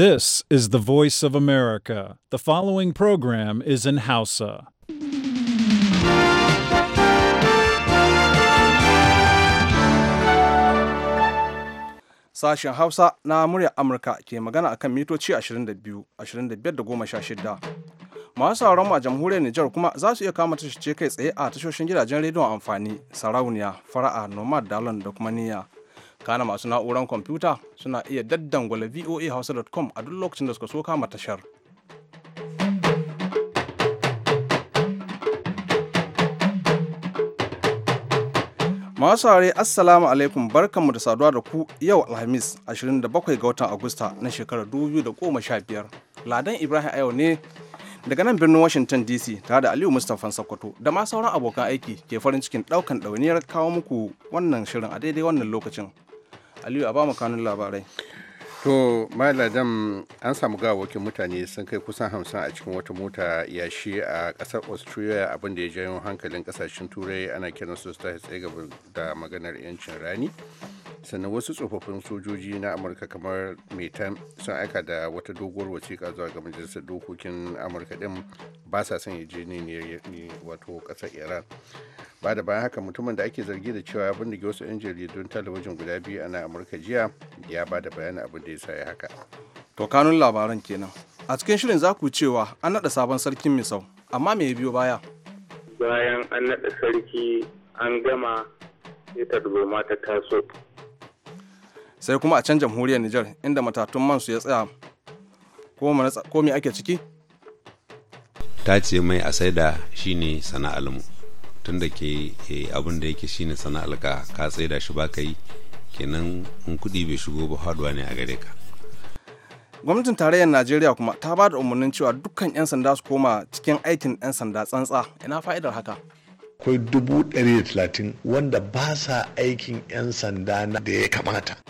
This is the voice of America. The following program is in Hausa. Sashen Hausa na muryar Amurka ke magana a kan mitoci 22, 25-16. Masu sauran a jamhuriyar Nijar kuma za su iya kama tashoce kai tsaye a tashoshin gidajen rediyon amfani, sarauniya, fara'a, nomad, dalon da kuma niyya. kana masu na'uran kwamfuta suna iya daddangwala voahausa.com a duk lokacin da suka so kama tashar. Masu Assalamu alaikum barkanmu da saduwa da ku yau Alhamis 27 ga watan Agusta na shekarar 2015. Ladan Ibrahim yau ne daga nan birnin Washington DC tare da Aliyu Mustapha Sokoto da ma sauran abokan aiki ke farin cikin daukan ɗawainiyar kawo muku wannan shirin a daidai wannan lokacin. aliyu a ba mu kanun labarai to maladam an samu gawakin mutane sun kai kusan hamsin a cikin wata mota yashi a kasar australia abinda ya janyo hankalin kasashen turai ana kiran su ta tsaye da maganar yancin rani sannan wasu tsofaffin sojoji na amurka kamar metan sun aika da wata doguwar wasiƙa zuwa ga majalisar dokokin amurka din ba sa son ya je ne wato ƙasar iran ba da bayan haka mutumin da ake zargi da cewa bindige wasu 'yan jaridun talabijin guda biyu a na amurka jiya ya ba da bayanin abin da ya sa ya haka to kanun labaran kenan a cikin shirin za ku cewa an naɗa sabon sarkin misau amma me ya biyo baya bayan an naɗa sarki an gama ita ta taso sai kuma a can jamhuriyar Nijar inda matatun man su ya tsaya ko me ake ciki ta ce mai a saida shi ne mu tun da ke abin da yake shine sana'ar ka ka saida shi baka yi kenan in kudi bai shigo ba haduwa ne a gare ka gwamnatin tarayyar najeriya kuma ta ba da umarnin cewa dukkan 'yan sanda su koma cikin aikin 'yan sanda tsantsa ina fa'idar haka akwai dubu ɗari da talatin wanda ba sa aikin 'yan sanda da ya kamata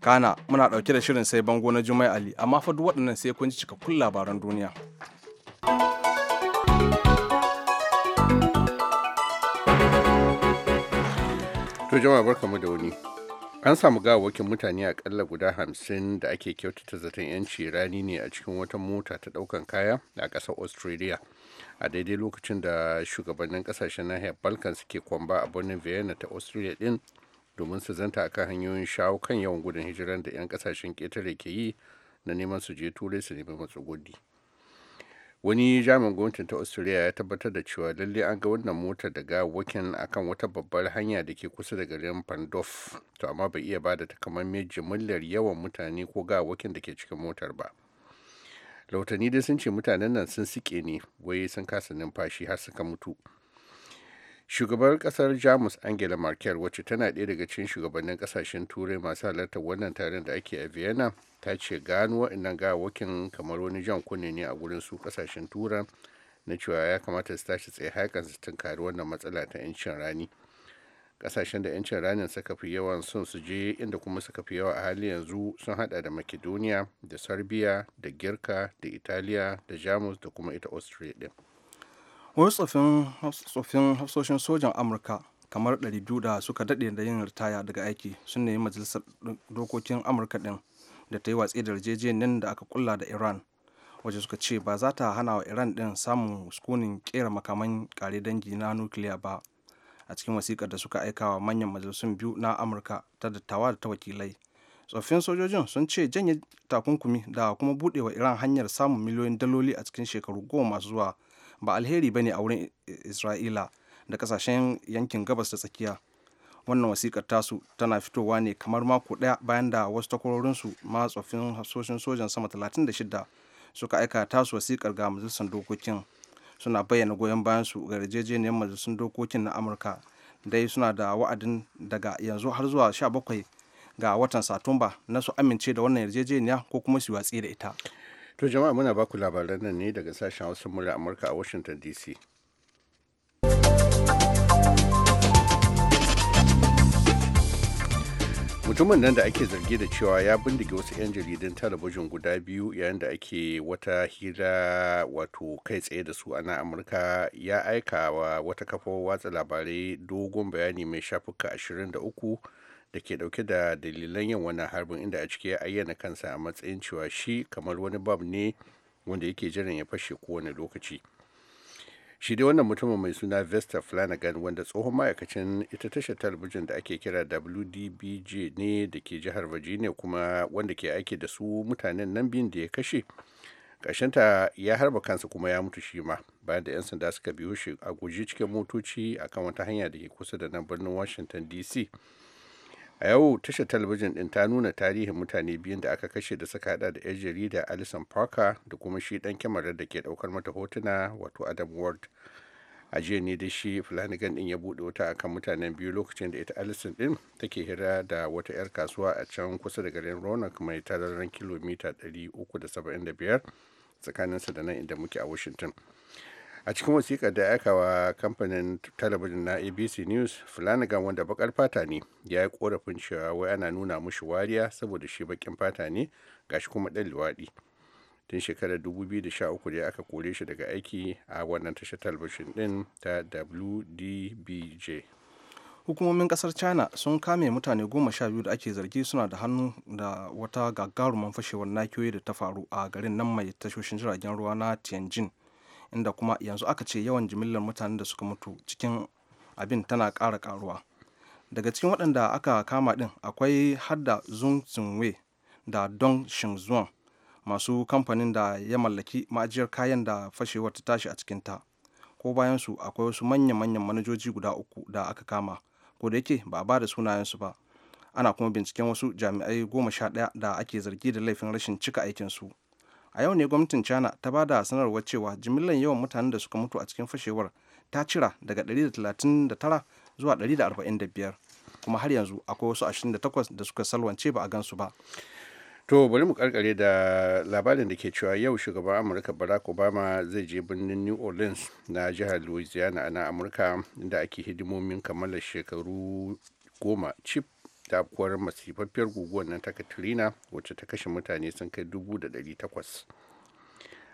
kana muna ɗauke da shirin sai bango na jumai ali amma fa duk waɗannan sai kun ji cikakkun labaran duniya to jama'a barkamu da wani an samu gawawwakin mutane akalla guda hamsin da ake kyautata zaton yanci rani ne a cikin wata mota ta ɗaukan kaya a ƙasar australia a daidai lokacin da shugabannin ƙasashen nahiyar balkan suke kwamba a birnin vienna ta australia ɗin. domin su zanta akan hanyoyin shawo kan yawan gudun hijiran da 'yan kasashen ƙetare ke yi na neman su je turai su nemi matsugudi wani jami'in gwamnatin ta australia ya tabbatar da cewa lalle an ga wannan mota daga wakin akan wata babbar hanya da ke kusa da garin pandof to amma bai iya ba da takamaimai jimillar yawan mutane ko ga wakin da ke cikin motar ba lautani dai sun ce mutanen nan sun sike ne wai sun kasa numfashi har suka mutu shugabar kasar jamus angela merkel wacce tana ɗaya daga cikin shugabannin kasashen turai masu halartar wannan taron da ake a vienna ta ce gano waɗannan gawakin kamar wani jan kunne ne a gurin su kasashen turan na cewa ya kamata su tashi tsaye haikan su tunkari wannan matsala ta 'yancin rani kasashen da 'yancin ranin suka fi yawan sun su je inda kuma suka fi yawa a hali yanzu sun hada da makedoniya da serbia da girka da italiya da jamus da kuma ita austria din wasu tsofin hafsoshin sojan amurka kamar 200 da suka daɗe da yin ritaya daga aiki sun nemi majalisar dokokin amurka ɗin da ta yi watsi da yarjejeniyar da aka kulla da iran waje suka ce ba za ta hana wa iran din samun sukunin kera makaman kare dangi na nukiliya ba a cikin wasikar da suka aika wa manyan majalisun biyu na amurka ta dattawa da ta wakilai tsoffin sojojin sun ce janye takunkumi da kuma buɗe wa iran hanyar samun miliyoyin daloli a cikin shekaru goma masu zuwa ba alheri ba ne a wurin isra'ila da kasashen yankin gabas da tsakiya wannan wasikar tasu tana fitowa ne kamar mako ɗaya bayan da wasu takwarorinsu ma tsoffin hasoshin sojan sama 36 suka aika tasu wasikar ga majalisar dokokin suna bayyana goyon bayansu ga yarjejeniyar majalisar dokokin na amurka dai suna da wa'adin daga yanzu har zuwa 17 ga watan satumba na su amince da wannan yarjejeniya ko kuma su watsi da ita To jama'a muna baku labaran nan ne daga sashen wasu murya Amurka a Washington DC. mutumin nan da ake zargi da cewa ya bindige wasu 'yan jaridun talabijin guda biyu yayin da ake wata hira wato kai tsaye da su a nan amurka ya aika wa wata kafa watsa labarai dogon bayani mai shafuka 23 da ke dauke da dalilan yin wannan harbin inda a ciki ya ayyana kansa a matsayin cewa shi kamar wani bab ne wanda yake jiran ya fashe kowane lokaci shi dai wannan mutumin mai suna vesta flanagan wanda tsohon ma'aikacin ita tashar talabijin da ake kira wdbj ne da ke jihar virginia kuma wanda ke aiki da su mutanen nan biyun da ya kashe ta ya harba kansa kuma ya mutu shi ma bayan da 'yan sanda suka biyo shi a guji cikin motoci akan wata hanya da ke kusa da nan birnin washington dc a yau tashar talabijin din ta nuna tarihin mutane biyun da aka kashe da suka hada da 'yan jarida alison parker da kuma shi dan kyamarar da ke daukar mata hotuna wato adam ward a jiya ne da shi flanagan din ya bude wuta akan mutanen biyu lokacin da ita alison din take hira da wata 'yar kasuwa a can kusa da garin roanoke mai tararren kilomita 375 tsakaninsa da nan inda muke a washington a cikin wasiƙar da aka wa kamfanin talabijin na abc news flanagan wanda bakar fata ne ya yi korafin cewa wai ana nuna mushi wariya saboda shi bakin fata ne gashi kuma ɗan luwaɗi tun shekarar 2013 da aka kore shi daga aiki a wannan tashar talabijin din ta wdbj hukumomin kasar china sun kame mutane goma sha biyu da ake zargi suna da hannu da wata gagarumin fashewar nakiyoyi da ta faru a garin nan mai tashoshin jiragen ruwa na tianjin inda kuma yanzu aka ce yawan jimillar mutanen da suka mutu cikin abin tana ƙara ƙaruwa daga cikin waɗanda aka kama ɗin akwai hadda zun tsinwe da shin zuwan masu kamfanin da ya mallaki ma'ajiyar kayan da fashewar ta tashi a cikinta ko bayan su akwai wasu manya-manyan manajoji guda uku da aka kama ko da yake ba a ba da sunayensu ba ana kuma binciken wasu jami'ai goma sha ɗaya da ake zargi da laifin rashin cika aikinsu a yau ne gwamnatin china ta ba da sanarwar cewa jimillar yawan mutanen da suka mutu a cikin fashewar ta cira daga 139 zuwa 145 kuma har yanzu akwai wasu 28 da suka salwance ba a gansu ba to bari mu karkare da labarin da ke cewa yau shugaban amurka barack obama zai je birnin new orleans na jihar louisiana a amurka inda ake hidimomin kammalar shekaru goma chip afkuwar masifaffiyar guguwar nan ta katrina wacce ta kashe mutane sun kai dubu da ɗari takwas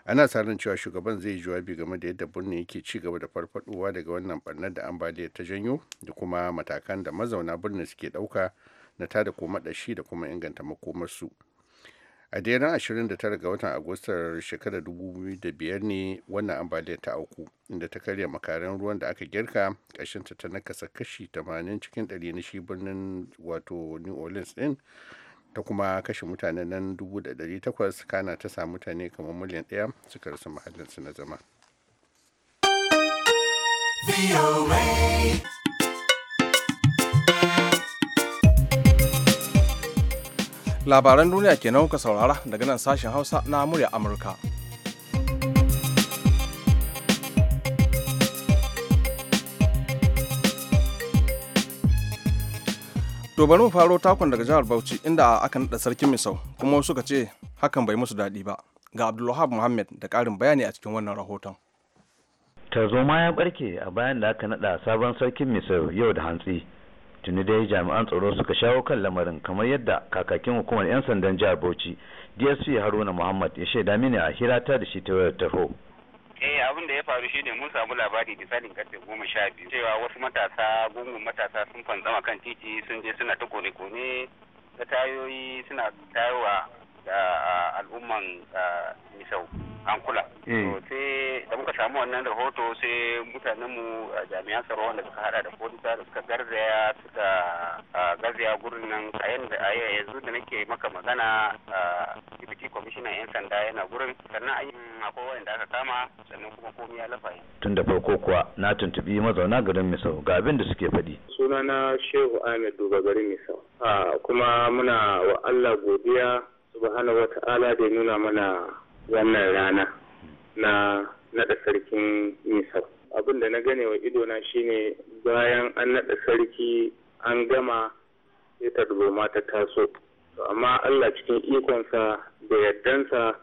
ana tsarin cewa shugaban zai yi jawabi game da yadda birnin yake ci gaba da farfaɗowa daga wannan barnar da ambaliyar ta janyo da kuma matakan da mazauna birnin suke ɗauka na tada ko maɗashi da kuma inganta makomarsu. a da ran 29 ga watan agustar shekarar 2005 ne wannan ambaliyar ta auku inda ta karya makaran ruwan da aka girka ƙashinta ta nakasa kashi 80 cikin 100 na shi birnin wato new orleans din ta kuma kashe mutane nan 1,800 kana ta sa mutane kamar miliyan ɗaya suka rasa mahallinsu na zama. labaran duniya kenan kuka saurara daga nan sashen hausa na murya amurka To bari mu faro takon daga jihar Bauchi inda aka naɗa sarkin Misau kuma suka ce hakan bai musu daɗi ba. Ga Abdulwahab Muhammad da ƙarin bayani a cikin wannan rahoton. Tarzoma ya barke a bayan da aka naɗa sabon sarkin Misau yau da hantsi. tuni dai jami'an tsaro suka shawo kan lamarin kamar yadda kakakin hukumar 'yan sandan jihar bauchi dsp haruna muhammad ya shaida mini a hirata da shi ta wayar tarho eh abin da ya faru shine mun samu labari misalin karfe goma sha biyu cewa wasu matasa gungun matasa sun fanzama kan titi sun je suna ta kone-kone da tayoyi suna tayowa al'umman misau an kula. Eh. sai da muka samu wannan rahoto sai mutanenmu jami'an tsaro wanda suka hada da polisa da suka garzaya suka garzaya gurin nan a yanda a yanzu da nake maka magana deputy commissioner yan sanda yana gurin sannan a akwai wanda aka kama sannan kuma komi ya lafa tun da farko kuwa na tuntubi mazauna garin misau ga abin da suke faɗi. sunana shehu ahmed duba garin misau kuma muna wa allah godiya wa ta'ala da ya nuna mana wannan rana na naɗa sarkin nisa abin da na gane wa idona shine bayan an naɗa sarki an gama sai ta ma ta taso amma allah cikin ikonsa da yardansa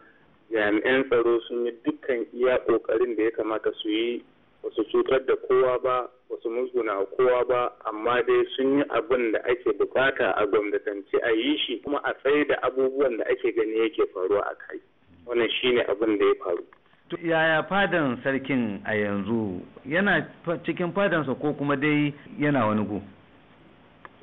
jami'an tsaro sun yi dukkan iya ƙoƙarin da ya kamata su yi Wasu cutar da kowa ba wasu su musguna kowa ba amma dai sun yi abin da ake bukata a gwamnatance a yi shi kuma a tsaye da abubuwan da ake gani yake faruwa a kai wannan shine abin da ya faru yaya fadan sarkin a yanzu yana cikin fadansa ko kuma dai yana wani gu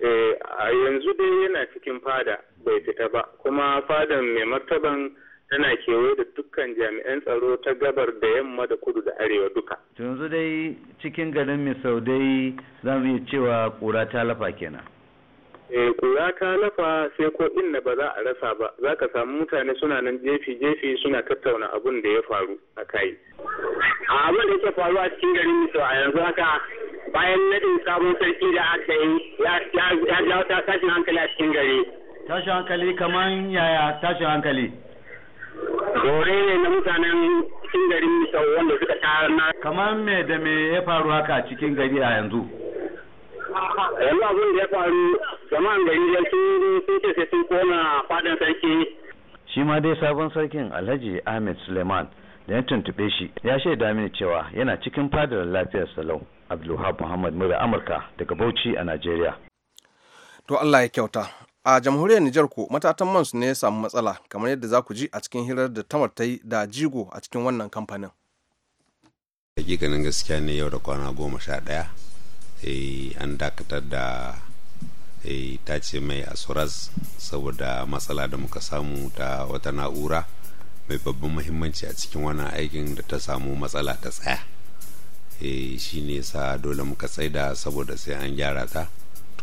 eh, a yanzu dai yana cikin fada bai fita ba kuma fadan mai martaban tana kewaye da dukkan jami'an tsaro ta gabar da yamma da kudu da arewa duka. To yanzu dai cikin garin Misau dai za mu iya cewa ƙura ta lafa kenan. Eh ƙura ta lafa sai ko inna ba za a rasa ba za ka samu mutane suna nan jefi-jefi suna tattauna abin da ya faru a kai. A abin da yake faruwa cikin garin Misau a yanzu haka bayan nadin sabon sarki da aka yi ya jawo tashin hankali a cikin gari. Tashin hankali kamar yaya tashin hankali? Dore ne na mutanen cikin garin sau wanda suka tara na. Kamar me da me ya faru haka cikin gari a yanzu? Yanzu abin da ya faru jama'an gari ya sun ce sai sun kona fadin sarki. Shi ma dai sabon sarkin Alhaji Ahmed Suleiman da ya tuntuɓe shi ya shaida mini cewa yana cikin fadar lafiyar salau Abdulhab Muhammad Mura Amurka daga Bauchi a Najeriya. To Allah ya kyauta. a jamhuriyar Nijar ko matatan man su ne ya samu matsala kamar yadda za ku ji a cikin hirar da tamar ta yi da jigo a cikin wannan kamfanin. Hakikanin gaskiya ne yau da kwana goma sha ɗaya eh, an dakatar da eh, ta ce mai asuras saboda matsala da muka samu ta wata na'ura mai babban muhimmanci a cikin wannan aikin da ta samu matsala ta tsaya. Eh, shi ne sa dole muka tsaida saboda sai an gyara ta.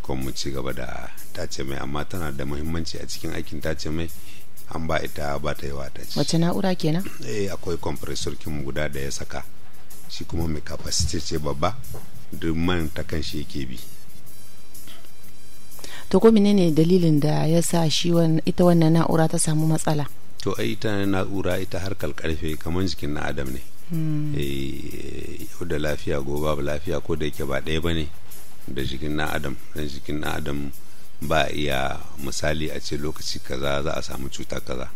maimakon mu ci gaba da tace mai amma tana da muhimmanci a cikin aikin tace mai an ba ita ba ta yi ta ce wace na'ura kenan eh akwai compressor kin guda da ya saka shi kuma mai capacity ce babba duk man ta kan shi yake bi to ko menene dalilin da ya sa shi ita wannan na'ura ta samu matsala to ai ita na'ura ita har karfe kamar jikin na adam ne hmm. eh, yau da lafiya gobe babu lafiya ko da yake ba ɗaya ba ne da jikin na adam dan jikin na adam ba iya misali a ce lokaci kaza za a samu cuta kaza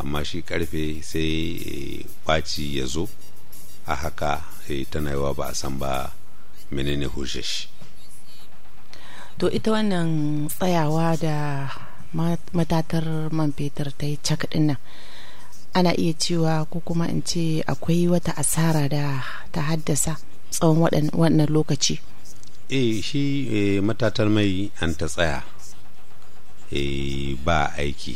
amma shi karfe sai kwaci ya zo a haka eh, tana yawa ba a san ba menene hushe shi to ita wannan tsayawa da matatar man fetur ta yi cakadin nan ana iya cewa ko kuma in ce akwai wata asara da ta haddasa tsawon wannan lokaci eh shi eh, matatar mai an ta tsaya e ba aiki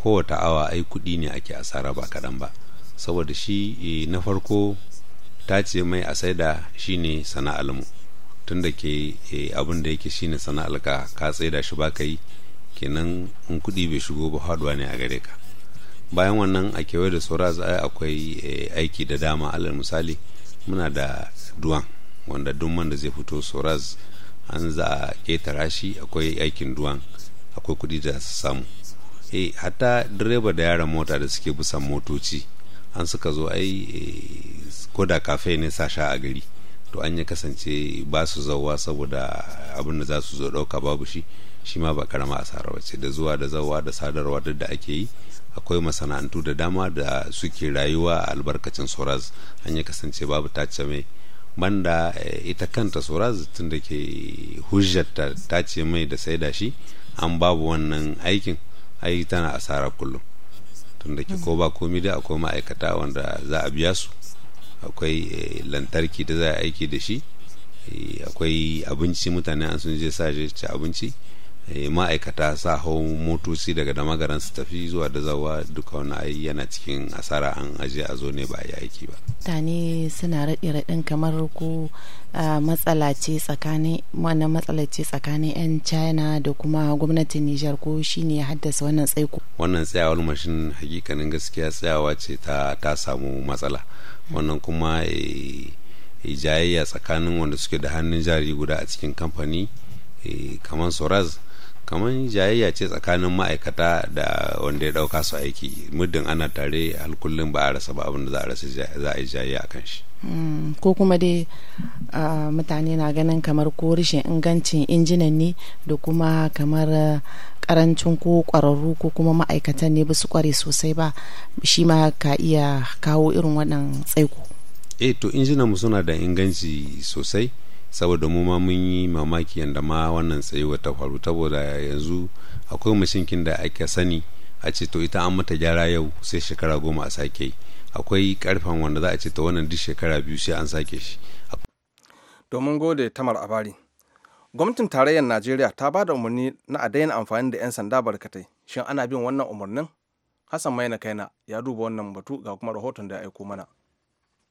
kowata awa ai kudi ne ake asara ba kaɗan ba saboda shi eh, na farko ta ce mai a saida shine sana'almu tun da ke abin da yake shine sana'alka ka tsaida shi ba ka yi kenan in kudi bai shigo ba haduwa ne a gare ka bayan wannan a kewaye da saura akwai aiki da dama alal misali muna da duwan wanda duk man zai fito soraz an za a ƙetara shi akwai aikin duwan akwai kuɗi da samu eh hatta direba da yaran mota da suke busan motoci an suka zo ai eh, koda kafe ne sa sha a gari to an ya kasance ba su zauwa saboda abin da za su zo ɗauka babu shi shi ma ba karama asara ba da zuwa da zauwa da sadarwa duk da ake yi akwai masana'antu da dama da suke rayuwa a albarkacin soraz an ya kasance babu tace mai banda eh, ita kanta suraz tun da ke hujjar ta ce mai da saida shi an babu wannan aikin ai tana asara kullum tun da ke ko ba komi da akwai ma'aikata wanda za a biya su akwai eh, lantarki da za a aiki da shi eh, akwai abinci mutane an sun je sa ci abinci Eh, ma'aikata sa hau motoci daga damagaran su tafi zuwa da zawa duka wani ayi yana cikin asara an aje a zo ne ba a yi aiki ba mutane suna raɗe raɗin kamar ko matsala tsakanin wannan matsala tsakanin yan china da kuma gwamnatin nijar ko shine ya haddasa wannan tsaiko wannan tsayawar mashin hakikanin gaskiya tsayawa ce ta ta samu matsala wannan kuma eh, jayayya tsakanin wanda suke da hannun jari guda a cikin kamfani eh, kamar soraz kamar jayayya ce tsakanin ma'aikata da wanda ya dauka su aiki muddin ana tare har ba a rasa ba abin da za a rasa za a yi jayayya akan shi hmm, ko kuma dai mutane na ganin kamar ko rashin ingancin injinan ne da kuma kamar karancin ko kwararru ko kuma ma'aikatan ne ba su kware sosai ba shi ma ka iya kawo irin waɗannan tsaiko eh to injinan mu suna da inganci sosai saboda mu ma mun yi mamaki yadda ma wannan tsayuwa ta faru saboda yanzu akwai mashinkin da ake sani a ce to ita an mata gyara yau sai shekara goma a sake akwai karfen wanda za a ce ta wannan duk shekara biyu sai an sake shi domin gode tamar abari gwamnatin tarayyar najeriya ta ba da umarni na a daina amfani da 'yan sanda barkatai shin ana bin wannan umarnin hassan na kaina ya duba wannan batu ga kuma rahoton da ya aiko mana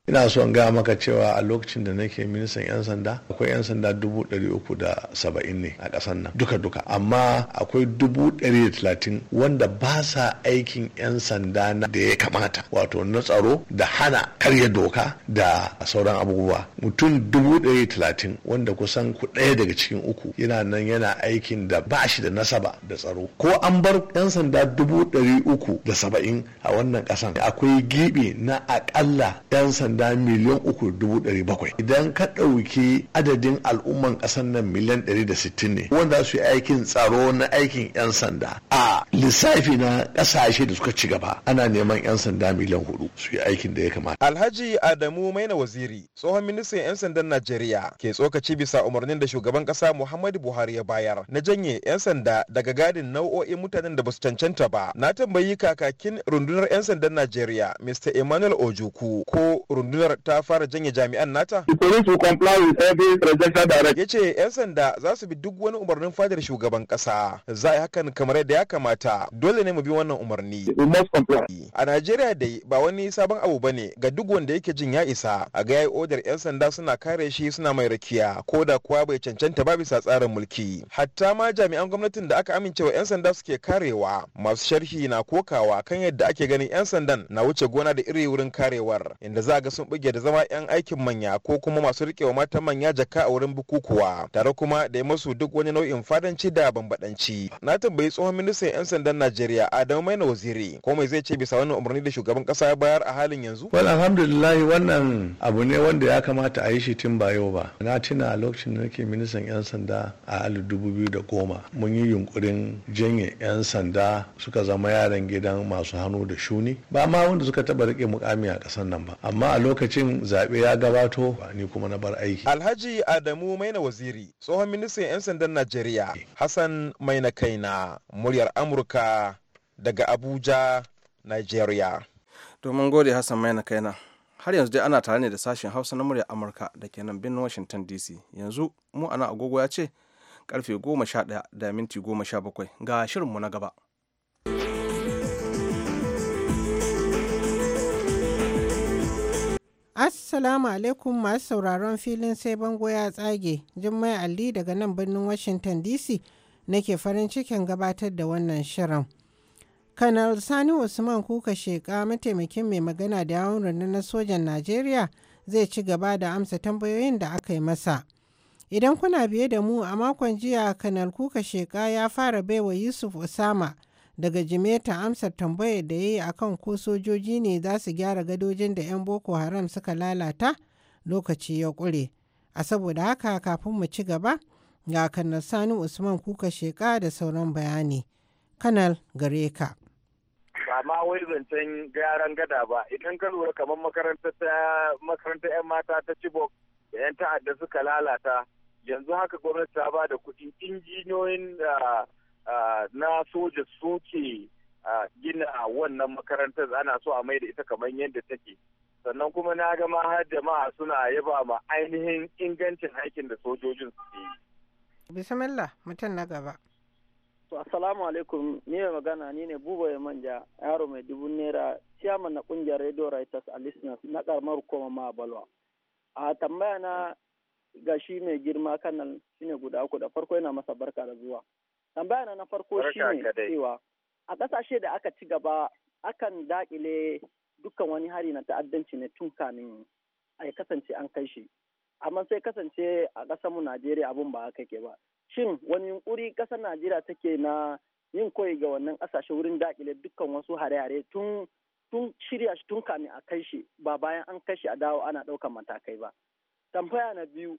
ina so in gaya maka cewa a lokacin da nake ministan 'yan sanda akwai 'yan sanda dubu ɗari uku da saba'in ne a ƙasar nan duka duka amma akwai dubu ɗari da talatin wanda ba sa aikin 'yan sanda na da ya kamata wato na tsaro da hana karya doka da sauran abubuwa mutum dubu ɗari talatin wanda kusan ku ɗaya daga cikin uku yana nan yana aikin da ba shi da nasaba da tsaro ko an bar 'yan sanda dubu ɗari uku da saba'in a wannan ƙasan akwai gibi na aƙalla 'yan sanda sanda miliyan uku dubu dari bakwai idan ka ɗauki adadin al'umman ƙasar nan miliyan ɗari da sittin ne wanda su yi aikin tsaro na aikin 'yan sanda a lissafi na ƙasashe da suka ci gaba ana neman 'yan sanda miliyan hudu su yi aikin da ya kamata. Alhaji Adamu Maina Waziri tsohon ministan 'yan sandan Najeriya ke tsokaci bisa umarnin da shugaban ƙasa Muhammadu Buhari ya bayar na janye 'yan sanda daga gadin nau'o'in mutanen da basu cancanta ba na tambayi kakakin rundunar 'yan sandan Najeriya Mr. Emmanuel Ojuku ko rundunar rundunar ta fara janye jami'an nata? Ya ce 'yan sanda za su bi duk wani umarnin fadar shugaban kasa. Za a hakan kamar yadda ya kamata. Dole ne mu bi wannan umarni. A Najeriya dai ba wani sabon abu bane ga duk wanda yake jin ya isa. A ga yayi odar 'yan sanda suna kare shi suna mai rakiya ko da kuwa bai cancanta ba bisa tsarin mulki. Hatta ma jami'an gwamnatin da aka amincewa 'yan sanda suke karewa. Masu sharhi na kokawa kan yadda ake ganin 'yan sandan na wuce gona da iri wurin karewar. Inda za ga sun buge da zama 'yan aikin manya ko kuma masu riƙewa mata manya jaka a wurin bukukuwa tare kuma da ya masu duk wani nau'in fadanci da bambadanci na tambayi tsohon ministan 'yan sandan najeriya adamu maina waziri ko mai zai ce bisa wannan umarni da shugaban kasa ya bayar a halin yanzu wani alhamdulillahi, wannan abu ne wanda ya kamata a yi shi tun ba yau ba na tuna lokacin da nake ministan 'yan sanda a alif dubu biyu da goma mun yi yunkurin janye 'yan sanda suka zama yaran gidan masu hannu da shuni ba ma wanda suka taba rike mukami a ƙasar nan ba amma a lokacin zaɓe ya gabato ni kuma na bar aiki. Alhaji Adamu Maina Waziri, tsohon ministan 'yan sandan Najeriya, Hassan Maina Kaina, muryar Amurka daga Abuja, Najeriya. Domin gode Hassan Maina Kaina. Har yanzu dai ana tare ne da sashen Hausa na muryar Amurka da ke nan birnin Washington DC. Yanzu mu ana agogo ya ce karfe 11 da minti 17 ga shirinmu na gaba. Assalamu alaikum masu sauraron filin sai bango ya tsage, Jummai Alli daga nan birnin Washington DC nake farin cikin gabatar da wannan shirin. Kanal Sani Usman kuka sheka mataimakin mai magana da yawon rundunar sojan Najeriya zai ci gaba da amsa tambayoyin da aka yi masa. Idan kuna biye da mu a makon jiya Kanal kuka sheka ya fara baiwa Yusuf Usama daga jimeta amsar tambayar da ya yi akan ko sojoji ne za su gyara gadojin da 'yan boko haram suka lalata lokaci ya kure a saboda haka kafin mu ci gaba ga kanar sani usman kuka sheka da sauran bayani kanal gare ka ba ma wai zancen gyaran gada ba idan ka lura kamar makarantar 'yan mata ta cibok da 'yan ta'adda suka lalata yanzu haka gwamnati ta ba da kuɗi injiniyoyin da ah, na soja soke gina wannan makarantar ana so a mai da ita kamar yadda take sannan kuma na ga har jama'a suna yaba ma ainihin ingancin aikin da sojojin suke yi. bismillah mutum na gaba to assalamu alaikum ni mai magana ni ne buba ya manja yaro mai dubu naira ciyaman na kungiyar radio writers a listeners na karamar koma ma balwa a tambaya na gashi mai girma kan nan shine guda uku da farko yana masa barka da zuwa Tambaya na farko shi ne cewa a ƙasashe da aka ci gaba akan daƙile dukkan wani hari na ta'addanci ne tun kamin a kasance an kai shi. Amma sai kasance a ƙasarmu Najeriya abun ba haka ke ba. Shin wani yunƙuri ƙasar Najeriya take na yin koyi ga wannan ƙasashe wurin daƙile dukkan wasu hare-hare tun tun shirya shi tun kamin a kai shi ba bayan an kai shi a dawo ana ɗaukan matakai ba. Tambaya na biyu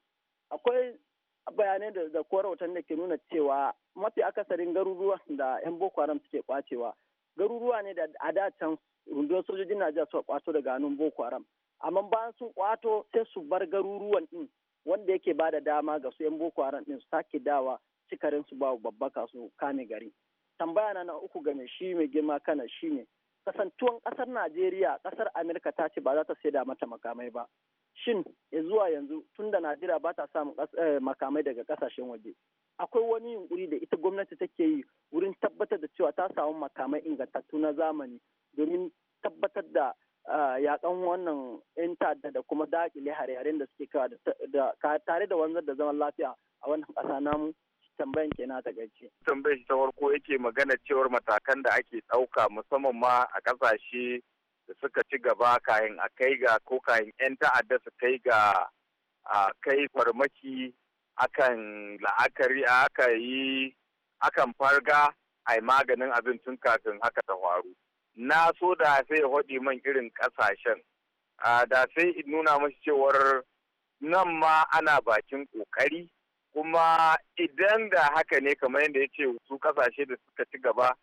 akwai bayanai da da rahoton da ke nuna cewa mafi akasarin garuruwa da 'yan boko haram suke kwacewa garuruwa ne da a da can rundunar sojojin najeriya suka kwato daga hannun boko haram amma bayan sun kwato sai su bar garuruwan din wanda yake ba da dama ga su 'yan boko haram din su sake dawa cikarin su ba babbaka su kame gari tambaya na uku game shi mai girma kana shine kasantuwan kasar najeriya kasar amerika ta ce ba za ta saida mata makamai ba shin ya eh, zuwa yanzu tun da najeriya ba ta samun eh, makamai daga kasashen waje akwai wani yunkuri da ita gwamnati take yi wurin tabbatar da cewa ta samu makamai ingantattu na zamani domin tabbatar da ah, yakan wannan 'yan da kuma daƙile hare-haren da suke kawa tare da wanzar da zaman lafiya a wannan ƙasa namu tambayan kenan ta tagarci. Tambayar ta farko yake magana cewar matakan da ake ɗauka musamman ma a ƙasashe da suka ci gaba kayan a kai ga ko kayan 'yan ta'adda su kai ga kai farmaki akan la'akari aka yi akan farga a yi maganin abin tun kafin haka ta faru na so da sai ya haɗi man irin ƙasashen da sai in nuna mashi cewar nan ma ana bakin kokari kuma idan da haka ne kamar yadda ya ce su ƙasashe da suka ci gaba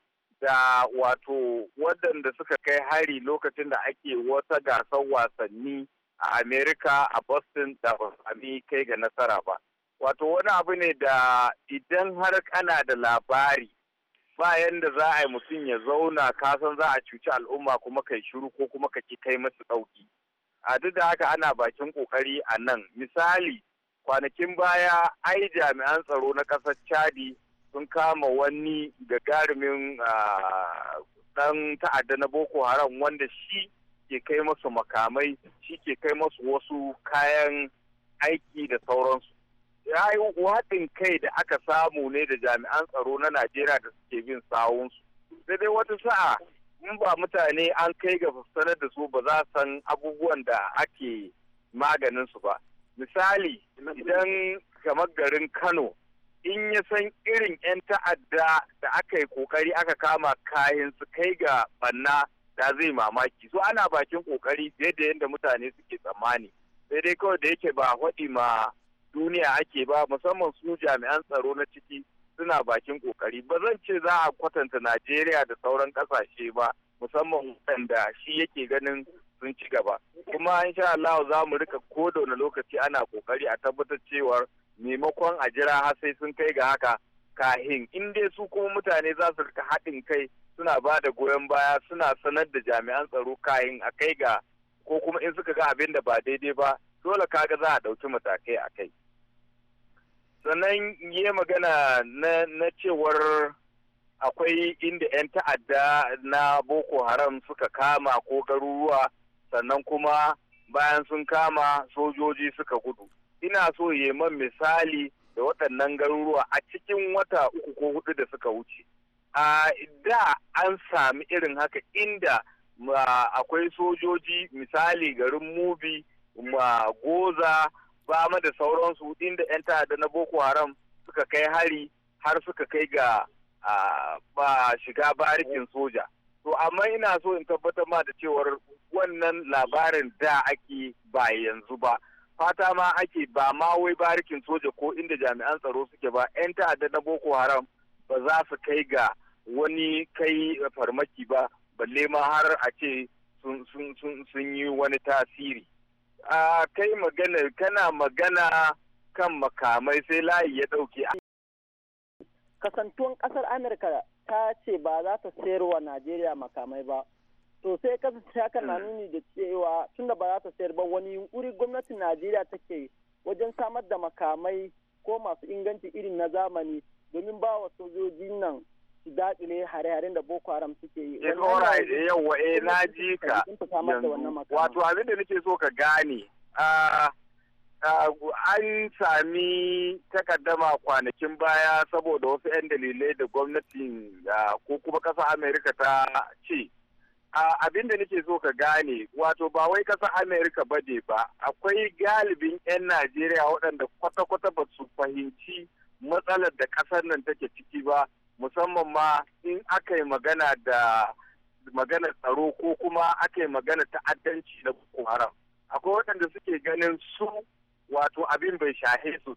da wato waɗanda suka kai hari lokacin da ake wata gasar wasanni a Amerika a Boston da ba sami kai ga nasara ba. Wato wani abu ne da idan har kana da labari bayan da za a yi mutum ya zauna kasan za a cuci al'umma kuma kai shiru ko kuma ka ki kai masu ɗauki. A duk da haka ana bakin ƙoƙari a nan. Misali, kwanakin baya ai jami'an tsaro na ƙasar Chadi sun kama wani da gagarumin dan ah, ta'adda na boko haram wanda shi ke kai masu makamai shi ke kai masu wasu kayan aiki da sauransu ya yi waɗin kai da aka samu ne da jami'an tsaro na najeriya da suke bin sawunsu sai dai wata sa'a in ba mutane an kai ga fassarar da su ba za san abubuwan da ake maganin su ba misali idan kamar garin kano in ya san irin 'yan ta'adda da aka yi kokari aka kama kayan su kai ga banna da zai mamaki so ana bakin kokari fiye da yadda mutane suke tsammani sai dai kawai da yake ba haɗi ma duniya ake ba musamman su jami'an tsaro na ciki suna bakin kokari ba zan ce za a kwatanta najeriya da sauran ƙasashe ba musamman waɗanda shi yake ganin sun ci gaba kuma insha allahu za mu rika ko da wani lokaci ana kokari a tabbatar cewar maimakon a jira har sai sun kai ga haka kahin in dai su kuma mutane za su rika haɗin kai suna ba da goyon baya suna sanar da jami'an tsaro kahin a kai ga ko kuma in suka ga abin da ba daidai ba dole kaga za a ɗauki matakai a kai sannan yi magana na cewar akwai inda 'yan ta'adda na boko haram suka kama ko garuruwa sannan kuma bayan sun kama sojoji suka gudu ina so ya man misali da waɗannan garuruwa a cikin wata uku ko hudu da suka wuce a da an sami irin haka inda akwai sojoji misali garin mubi goza ba bama da sauransu inda 'yan ta'adda na boko haram suka kai hari har suka kai ga ba shiga barikin soja to amma ina so in tabbatar ma da cewar wannan labarin da ake ba yanzu ba fata ma ake ba ma wai barikin soja ko inda jami'an tsaro suke ba 'yan ta'adda na boko haram ba za su kai ga wani kai farmaki ba balle ma har a ce sun yi wani tasiri a kai magana kana magana kan makamai sai layi ya ɗauke kasantuwan kasar amurka ta ce ba za ta sayarwa najeriya makamai ba to sai kasance haka na mm. nuni da cewa tun da ba za ta sayar ba wani yunkuri gwamnatin najeriya take wajen samar da makamai ko masu inganci irin na zamani domin ba wa sojojin nan su dakile hare-haren da boko haram suke yi. in ora yawa eh na ji ka wato abin da nake so ka gane an sami takaddama kwanakin baya saboda wasu 'yan dalilai da gwamnatin ko kuma ƙasa amerika ta ce abin da nake so ka gane wato ba wai kasar amerika ba ne ba akwai galibin 'yan najeriya waɗanda kwata-kwata ba su fahimci matsalar da ƙasar nan take ciki ba musamman ma in aka yi magana da magana tsaro ko kuma aka yi magana ta'addanci na boko haram akwai waɗanda suke ganin su wato abin bai shahe su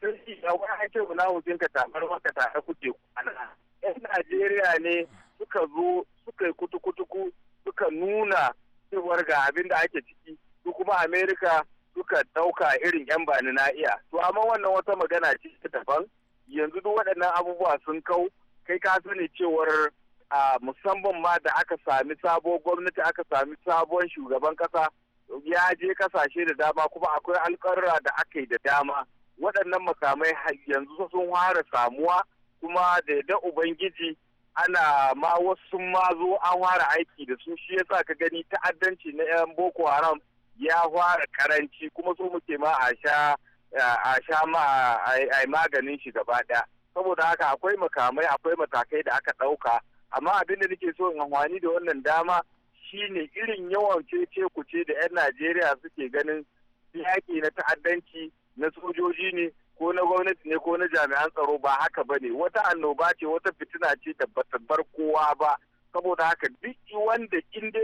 sun da wani ake wuna hutun ka tamar tare kuke kwana yan najeriya ne suka zo suka yi kutukutuku suka nuna cewar ga abin da ake ciki su kuma amerika suka ɗauka irin yan bani na iya to amma wannan wata magana ce ta daban yanzu duk waɗannan abubuwa sun kau kai ka sani cewar a musamman ma da aka sami sabo gwamnati aka sami sabon shugaban kasa ya je kasashe da dama kuma akwai alƙarra da aka yi da dama waɗannan makamai yanzu sun fara samuwa kuma da da ubangiji ana ma wasu ma zo an fara aiki da su shi yasa ka gani ta'addanci na 'yan boko haram ya fara karanci kuma so muke ma a sha a sha ma a maganin shi gaba ɗaya saboda haka akwai makamai akwai matakai da aka ɗauka amma abin da nake so in amfani da wannan dama shine irin yawan cece kuce da 'yan najeriya suke ganin yaƙi na ta'addanci na sojoji ne ko na gwamnati ne ko na jami'an tsaro ba haka ba ne wata annoba ce wata fitina ce da ba ta bar kowa ba saboda haka duk wanda inda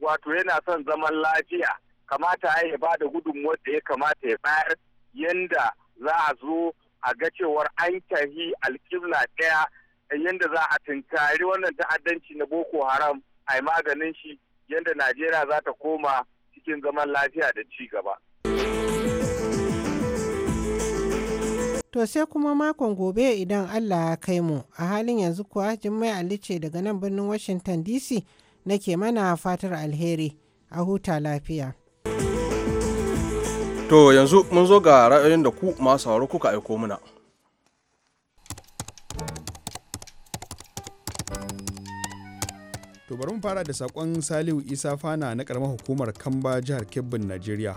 wato yana son zaman lafiya kamata ya yi bada gudunmuwar da ya kamata ya bayar yanda za a zo a ga cewar an tahi alƙibla ɗaya yanda za a tunkari wannan ta'addanci na boko haram a maganin shi yanda najeriya za ta koma cikin zaman lafiya da ci gaba. To sai kuma makon gobe idan Allah ya kai mu a halin yanzu kuwa Jummai Ali ce daga nan birnin Washington DC nake mana fatar alheri a huta lafiya. To yanzu mun zo ga ra'ayoyin da ku masu sauraro kuka aiko muna. To bari mu fara da sakon Salihu Isa Fana na ƙaramar hukumar Kamba jihar Kebbin Najeriya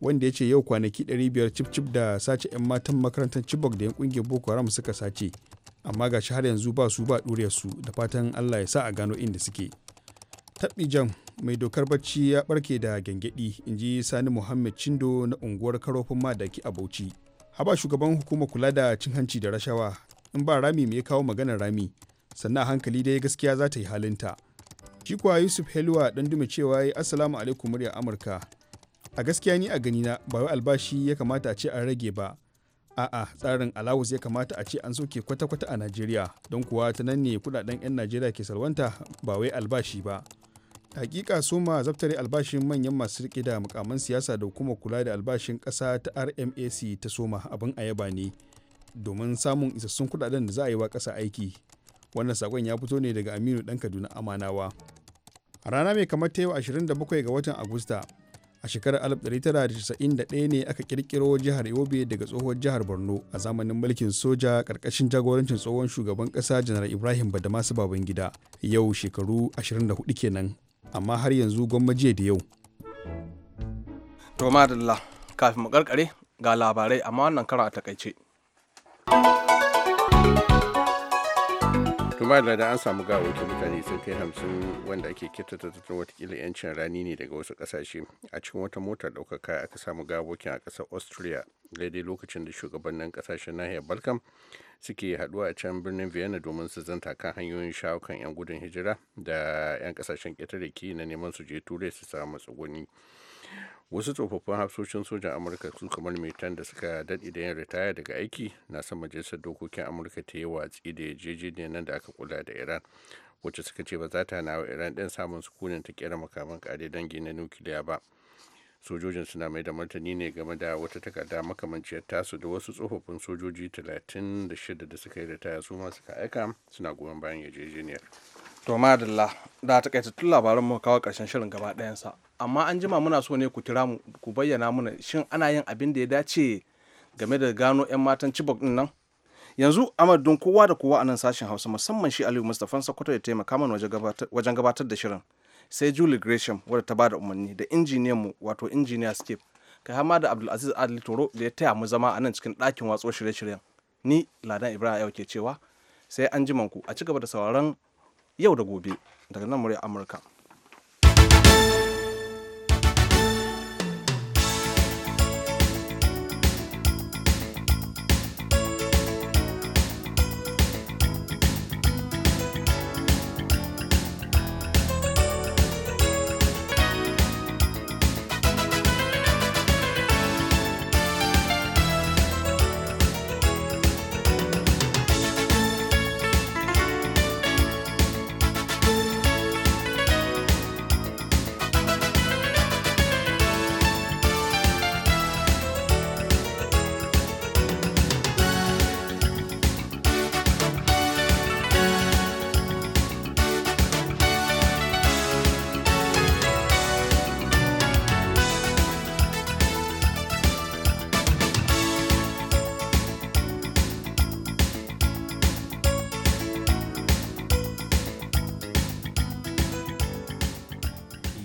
wanda ya ce yau kwanaki 500 cif da sace 'yan matan makarantar chibok da 'yan kungiyar boko haram suka sace amma ga shi har yanzu ba su ba su da fatan allah ya sa a gano inda suke taɓijan mai dokar bacci ya barke da gyangyaɗi in ji sani muhammad cindo na unguwar karofin madaki a bauchi haba shugaban hukumar kula da cin hanci da rashawa in ba rami mai ya kawo maganar rami sannan hankali dai gaskiya za ta yi halinta shi kuwa yusuf helwa dan dume cewa ya yi assalamu alaikum murya amurka a gaskiya ni a ganina ba wai albashi ya kamata a ce an rage ba a'a tsarin alawus ya kamata a ce an soke kwata-kwata a najeriya don kuwa ta nan ne kudaden 'yan najeriya ke salwanta ba wai albashi ba hakika su ma zaftare albashin manyan masu riƙe da mukaman siyasa da kuma kula da albashin ƙasa ta rmac ta soma abin ayaba ne domin samun isassun kudaden da za a yi wa ƙasa aiki wannan sakon ya fito ne daga aminu ɗan kaduna amanawa rana mai kamar ta yau 27 ga watan agusta a shekarar 1991 ne aka kirkiro jihar yobe daga tsohon jihar borno a zamanin mulkin soja karkashin jagorancin tsohon shugaban kasa janar ibrahim badamasu gida yau shekaru 24 kenan amma har yanzu jiya da yau to madalla kafin mu karkare ga labarai amma wannan kara a takaice tumar da an samu gawoki mutane sun kai hamsin wanda ake kitata ta watakila yancin rani ne daga wasu kasashe a cikin wata motar ɗaukar aka samu gawokin a ƙasar austria daidai lokacin da shugabannin kasashen nahiyar balkan suke haɗuwa a can birnin vienna domin su zanta kan hanyoyin shawo kan 'yan gudun hijira da 'yan kasashen ƙetare ke na neman su je turai su samu tsugunni wasu tsofaffin hafsoshin sojan amurka su kamar mitan da suka daɗe da yin ritaya daga aiki na san majalisar dokokin amurka ta yi watsi da yarjejeniyar nan da aka kula da iran wacce suka ce ba za ta na iran ɗin samun sukunin ta kera makaman kare dangi na nukiliya ba sojojin suna mai da martani ne game da wata takarda makamanciyar tasu da wasu tsofaffin sojoji 36 da suka yi ritaya su ma suka aika suna goyon bayan yarjejeniyar to madalla da ta kaita tun labaran mu kawo karshen shirin gaba sa amma an jima muna so ne ku kira mu ku bayyana mana shin ana yin abin da ya dace game da gano 'yan matan cibok din nan yanzu amadun kowa da kowa a nan sashen hausa musamman shi aliyu mustafa sokoto ya taimaka mana wajen gabatar da shirin sai julie gresham wadda ta bada umarni da injiniyan mu wato injiniya skip kai hama da abdulaziz adli toro da ya taya mu zama a nan cikin ɗakin watsuwar shirye-shiryen ni ladan ibrahim yau ke cewa sai an ku a ci gaba da sauraron yau da gobe daga nan murya amurka